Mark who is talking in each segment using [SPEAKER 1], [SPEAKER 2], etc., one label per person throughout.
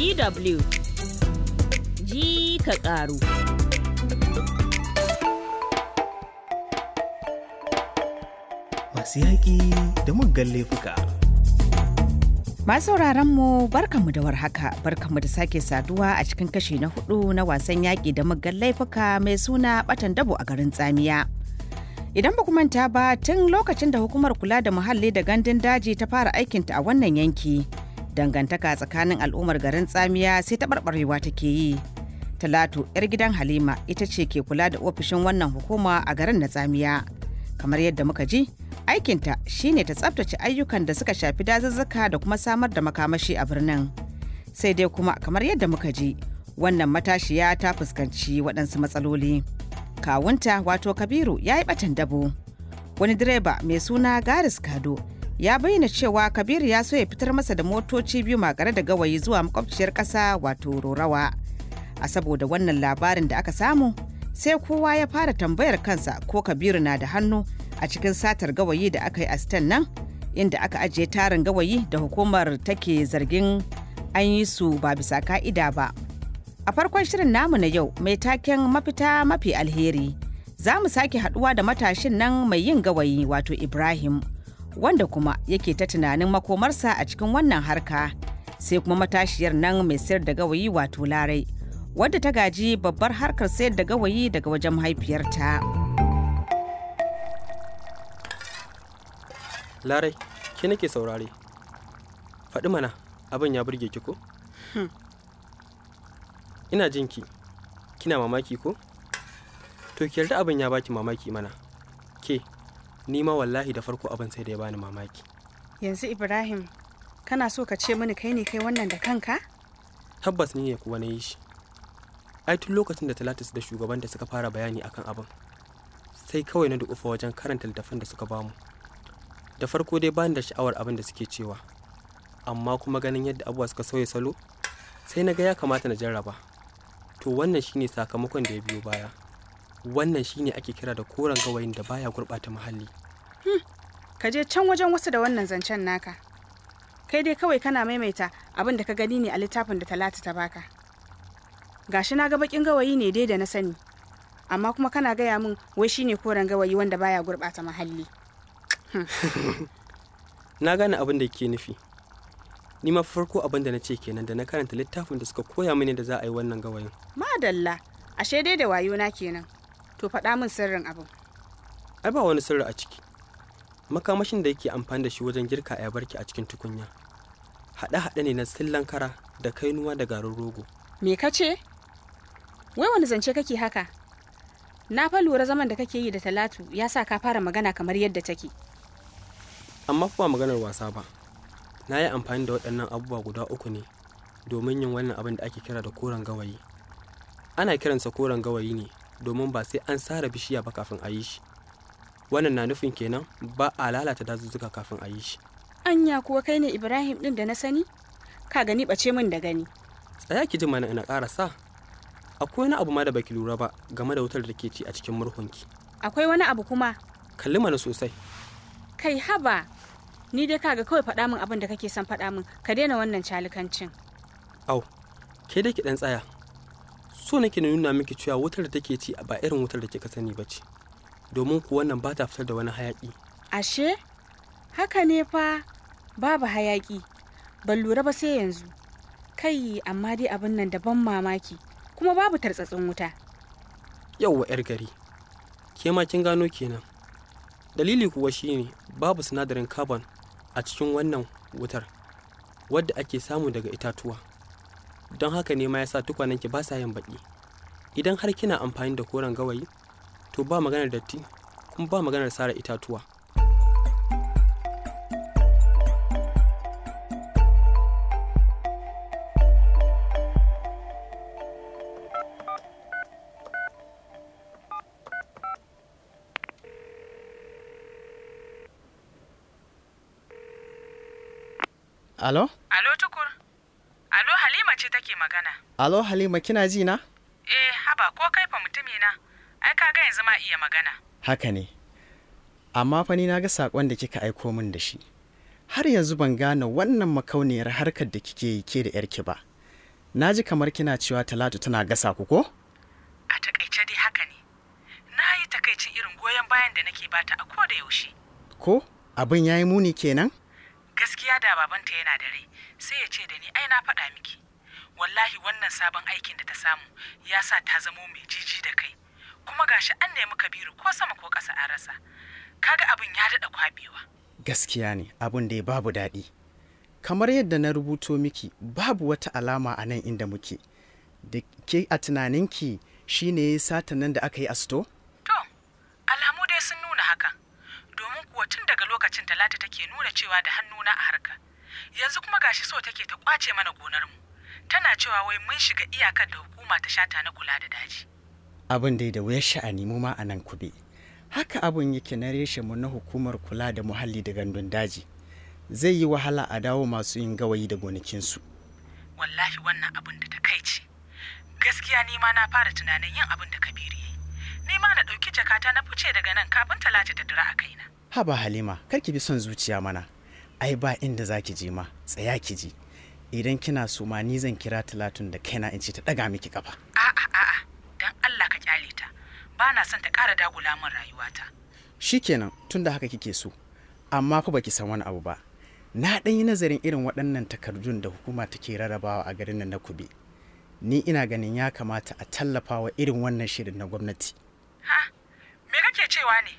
[SPEAKER 1] DW ji ka ƙaru.
[SPEAKER 2] Masu yaƙi da muggan laifuka.
[SPEAKER 1] Masu mu barkanmu da warhaka barkanmu da sake saduwa a cikin kashi na hudu na wasan yaƙi da muggan laifuka mai suna ɓatan dabo a garin tsamiya. Idan ba manta ba tun lokacin da hukumar kula da muhalli da gandun daji ta fara aikinta a wannan yanki. dangantaka tsakanin al'ummar garin tsamiya sai taɓarɓarewa take yi talatu 'yar gidan halima ita ce ke kula da ofishin wannan hukuma a garin na tsamiya kamar yadda muka ji aikinta shine ta tsabtace ayyukan da suka shafi dazuzzuka da kuma samar da makamashi a birnin sai dai kuma kamar yadda muka ji wannan matashiya ta fuskanci waɗansu matsaloli kawunta wato kabiru ya yi ɓatan dabo wani direba mai suna garis kado ya bayyana cewa kabiru ya so ya fitar masa da motoci biyu makare da gawayi zuwa makwabciyar kasa, wato rorawa a saboda wannan labarin da aka samu sai kowa ya fara tambayar kansa ko kabiru na da hannu a cikin satar gawayi da aka yi a stan nan inda aka ajiye tarin gawayi da hukumar take zargin an yi su ba bisa ka'ida ba a farkon shirin namu na yau mai taken mafita mafi alheri za mu sake haduwa da matashin nan mai yin gawayi wato ibrahim wanda kuma yake ta tunanin makomarsa a cikin wannan harka sai kuma matashiyar nan mai sayar da gawayi wato larai wadda ta gaji babbar harkar sayar da gawayi daga wajen mahaifiyarta
[SPEAKER 3] larai ke nake saurare faɗi mana abin ya burge ki ko hmm. ina jin ki kina mamaki ko to ki yarda abin ya baki mamaki mana ke ni ma wallahi da farko abin sai da ya bani mamaki
[SPEAKER 1] yanzu ibrahim kana so ka ce mini kai ne kai wannan da kanka
[SPEAKER 3] tabbas ni ne kuwa na yi shi ai tun lokacin da talatus da shugaban da suka fara bayani akan abin sai kawai na dukufa wajen karanta littafin da suka bamu da farko dai bani da sha'awar abin da suke cewa amma kuma ganin yadda abuwa suka sauya salo sai na ga ya kamata na jarraba to wannan shine sakamakon da ya biyo baya wannan shine ake kira da koren gawayin da baya gurɓata muhalli
[SPEAKER 1] hmm, ka je can wajen wasu da wannan zancen naka kai dai kawai kana maimaita abin da ka gani ne a littafin da talata ta baka gashi na ga bakin gawayi ne dai da na sani amma kuma kana gaya min wai shi ne koren gawayi wanda baya gurɓata muhalli
[SPEAKER 3] hmm. na gane abin da ke nufi ni ma farko abin da na ce kenan da na karanta littafin da suka koya mini da za a yi wannan gawayin
[SPEAKER 1] madalla ashe dai da wayo na kenan to faɗa min sirrin abin
[SPEAKER 3] ai ba wani sirri a ciki makamashin da yake amfani da shi wajen girka ayabarki a cikin tukunya haɗe-haɗe ne na sillan kara da kainuwa da garin rogo
[SPEAKER 1] me ka ce wai wani zance kake haka na fa lura zaman da kake yi da talatu ya sa ka fara magana kamar yadda
[SPEAKER 3] take amma kuma maganar wasa ba na yi amfani da waɗannan abubuwa guda uku ne domin yin wannan abin da ake kira da koren gawayi ana kiransa koren gawayi ne domin ba sai an sare bishiya ba kafin a yi shi wannan na nufin kenan ba a lalata dazuzzuka kafin a yi shi
[SPEAKER 1] anya kuwa kai ne ibrahim din da na sani ka gani bace min da gani
[SPEAKER 3] tsaya ki ji mana ina sa? akwai wani abu ma da baki lura ba game da wutar da ke ci a cikin murhunki
[SPEAKER 1] akwai wani abu kuma
[SPEAKER 3] kalli mana sosai
[SPEAKER 1] kai haba ni dai kaga kawai faɗa min abin da kake son faɗa min ka daina wannan calikancin
[SPEAKER 3] au ke da ki dan tsaya so nake na nuna miki cewa wutar da take ci ba irin wutar da kika sani ba ce domin ku wannan ba ta fitar da wani hayaki
[SPEAKER 1] ashe haka ne fa babu hayaki ban lura ba sai yanzu kai amma dai abin nan daban mamaki kuma babu tartsatsin wuta
[SPEAKER 3] yauwa yar gari ke ma kin gano kenan dalili kuwa shine babu sinadarin carbon a cikin wannan wutar wadda ake samu daga itatuwa don haka ne ma ya yasa tukwanenki ba sa yin baki idan har kina amfani da koren gawayi to ba maganar datti kuma ba maganar sara itatuwa
[SPEAKER 2] Alo?
[SPEAKER 4] Halima ce take magana.
[SPEAKER 2] Alo Halima kina ji na?
[SPEAKER 4] Eh, haba ko kai fa mutumi na. Ai ka ga yanzu ma iya magana.
[SPEAKER 2] Haka ne. Amma fa ni na ga sakon da kika aiko min da shi. Har yanzu ban gane wannan makauniyar harkar da kike yi ke da yarki ba. Na ji kamar kina cewa Talatu tana gasa ku ko?
[SPEAKER 4] A takaice dai haka ne. Na yi takaicin irin goyon bayan da nake bata a ko da
[SPEAKER 2] yaushe. Ko? Abin yayi muni kenan?
[SPEAKER 4] Gaskiya da babanta yana da rai. sai ya ce da ni ai na faɗa miki wallahi wannan sabon aikin da ta samu ya sa ta zamo mai jiji da kai kuma gashi an nemi kabiru ko sama ko ƙasa an rasa kaga abin
[SPEAKER 2] ya daɗa kwabewa gaskiya ne abin da ya babu daɗi kamar yadda na rubuto miki babu wata alama a nan inda muke da ke a tunaninki shine sata nan da aka yi a to
[SPEAKER 4] alamu dai sun nuna hakan domin kuwa tun daga lokacin talata take nuna cewa da hannuna a harka yanzu kuma gashi so take ta kwace mana gonar mu tana cewa wai mun shiga iyakar da hukuma ta shata na kula da daji
[SPEAKER 2] abin dai da wuyar sha'ani mu ma a nan kube haka abin yake na reshe mu na hukumar kula da muhalli da gandun daji zai yi wahala a dawo masu yin gawayi da gonakinsu
[SPEAKER 4] wallahi wannan abin da ta kai ce gaskiya ni ma na fara tunanin yin abin da kabiru yi ni ma na ɗauki jakata na fice daga nan kafin talata ta dira a kaina
[SPEAKER 2] haba halima kar ki bi son zuciya mana ai ba inda za ki je ma tsaya ki ji idan kina so ma ni zan kira talatun da kaina in ce ta daga miki kafa a'a a'a
[SPEAKER 4] dan Allah ka kyale ta ba na son ta ƙara dagula min rayuwata
[SPEAKER 2] shikenan tunda haka kike so amma fa baki san wani abu ba na dan yi nazarin irin waɗannan takardun da hukuma take rarrabawa a garin nan na Kube ni ina ganin ya kamata a tallafa wa irin wannan shirin na gwamnati
[SPEAKER 4] ha me kake cewa ne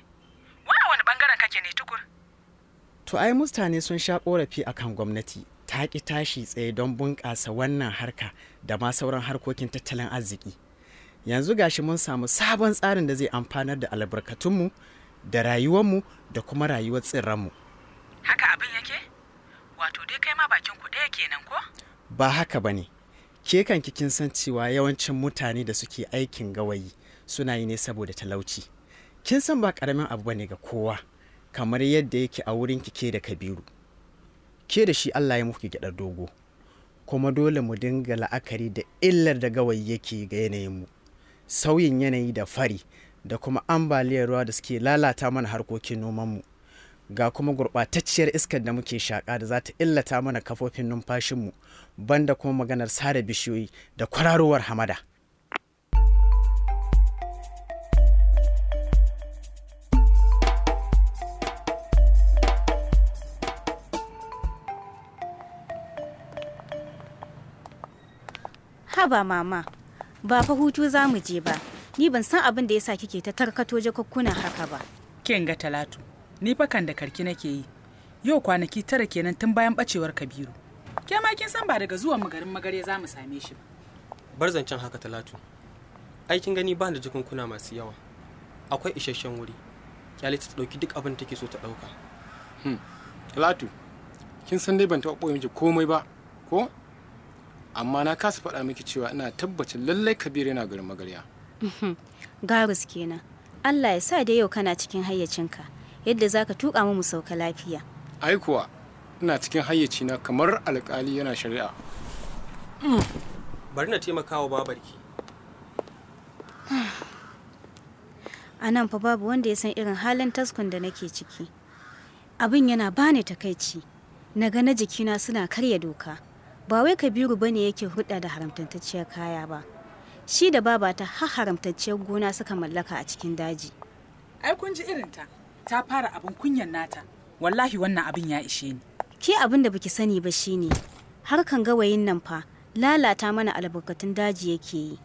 [SPEAKER 2] To ai mutane sun sha korafi akan gwamnati ta ki tashi tsaye don bunƙasa wannan harka da ma sauran harkokin tattalin arziki. Yanzu gashi mun samu sabon tsarin da zai amfanar da albarkatunmu da rayuwarmu da kuma rayuwar tsirranmu.
[SPEAKER 4] Haka abin yake? Wato dai kai ma bakin ku ɗaya kenan ko?
[SPEAKER 2] Ba haka ba ne. Ke kan kin san cewa yawancin mutane da suke aikin gawayi suna yi ne saboda talauci. Kin san ba ƙaramin abu ba ne ga kowa. kamar yadda yake a wurin ke da kabiru ke da shi allah ya muku gyaɗar dogo kuma dole mu dinga la'akari da illar da gawayi yake ga mu. sauyin yanayi da fari da kuma ambaliyar ruwa da suke lalata mana harkokin noman mu, ga kuma gurɓatacciyar iskar da muke shaƙa da za ta illata mana kafofin numfashin numfashinmu banda kuma maganar sare bishiyoyi da kwararowar hamada
[SPEAKER 5] ba mama ba fa hutu za mu je ba ni ban san abin da ya sa kike ta tarkato jakukkuna haka ba kin ga talatu ni
[SPEAKER 4] fa kan da karki nake yi yau kwanaki tara kenan tun bayan bacewar kabiru
[SPEAKER 3] ke ma kin san ba daga
[SPEAKER 4] zuwan mu garin magare za mu same shi ba
[SPEAKER 3] bar zancen haka talatu aikin gani ba da jakunkuna masu yawa akwai isasshen wuri kyale ta dauki duk abin take so ta dauka hmm. talatu kin san dai ban taɓa ɓoye miki komai ba ko amma na kasa faɗa miki cewa ina tabbacin lallai kabir yana garin magarya
[SPEAKER 5] mhm. garus kenan allah ya sa da yau kana cikin hayyacinka yadda za ka tuƙa mu sauka lafiya
[SPEAKER 3] ai kuwa ina cikin hayyacina kamar alƙali yana shari'a hmm. bari na taimaka wa babarki
[SPEAKER 5] a nan fa babu wanda ya san irin halin taskun da nake ciki abin yana bani takaici na ga na jikina suna karya doka ba wai kabiru bane yake hulɗa da haramtantacciyar kaya ba shi da baba ta ha haramtacciyar gona suka mallaka a cikin daji ai kun ji irin ta fara abin kunyan nata wallahi wannan abin ya ishe ni ke abin da baki sani ba shine harkan gawayin nan fa lalata mana albarkatun daji yake yi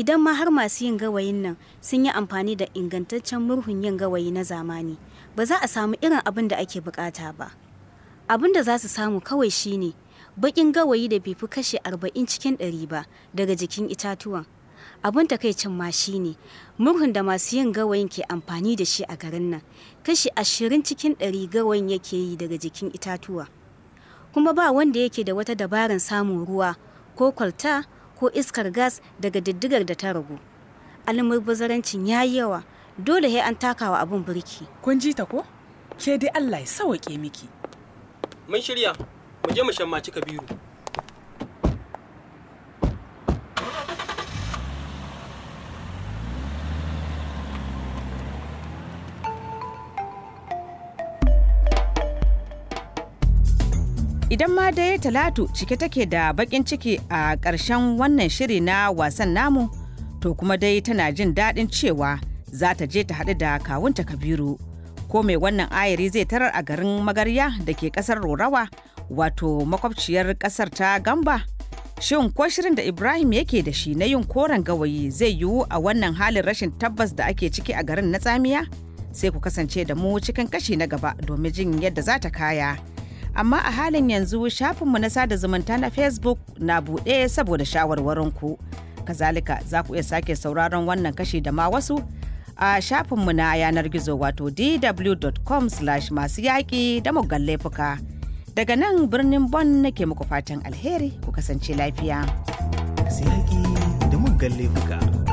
[SPEAKER 5] idan ma har masu yin gawayin nan sun yi amfani da ingantaccen murhun yin gawayi na zamani ba za a samu irin abin da ake bukata ba abin da za su samu kawai shine bakin gawayi da bai fi kashe arba'in cikin ɗari ba daga jikin itatuwan abin takaicin ma shi ne murhun da masu yin gawayin ke amfani da shi a garin nan kashe ashirin cikin ɗari gawayin yake yi daga jikin itatuwa kuma ba wanda yake da wata dabarar samun ruwa ko kwalta ko iskar gas daga diddigar da ta ragu almubazarancin ya yi yawa dole sai an takawa abin birki kun ji ta ko ke dai allah ya sawaƙe miki
[SPEAKER 3] mun shirya mu je mu shammaci kabiru
[SPEAKER 1] idan ma dai talatu cike take da bakin ciki a ƙarshen wannan shiri na wasan namu to kuma dai tana jin daɗin cewa za ta je ta haɗu da kawunta kabiru ko mai wannan ayari zai tarar a garin magarya da ke ƙasar rorawa wato makwabciyar kasar ta gamba shin ko shirin da ibrahim yake da shi na yin koren gawayi zai yiwu a wannan halin rashin tabbas da ake ciki a garin na tsamiya sai ku kasance da mu cikin kashi na gaba domin jin yadda za ta kaya amma a halin yanzu shafinmu na sada zumunta na facebook na buɗe saboda shawarwarinku kazalika za ku iya sake sauraron wannan kashi da ma wasu a shafinmu na yanar gizo wato dw.com slash masu yaƙi da muggan laifuka. Daga nan birnin Bon nake muku fatan alheri ku kasance lafiya.
[SPEAKER 2] Sai da muggan laifuka.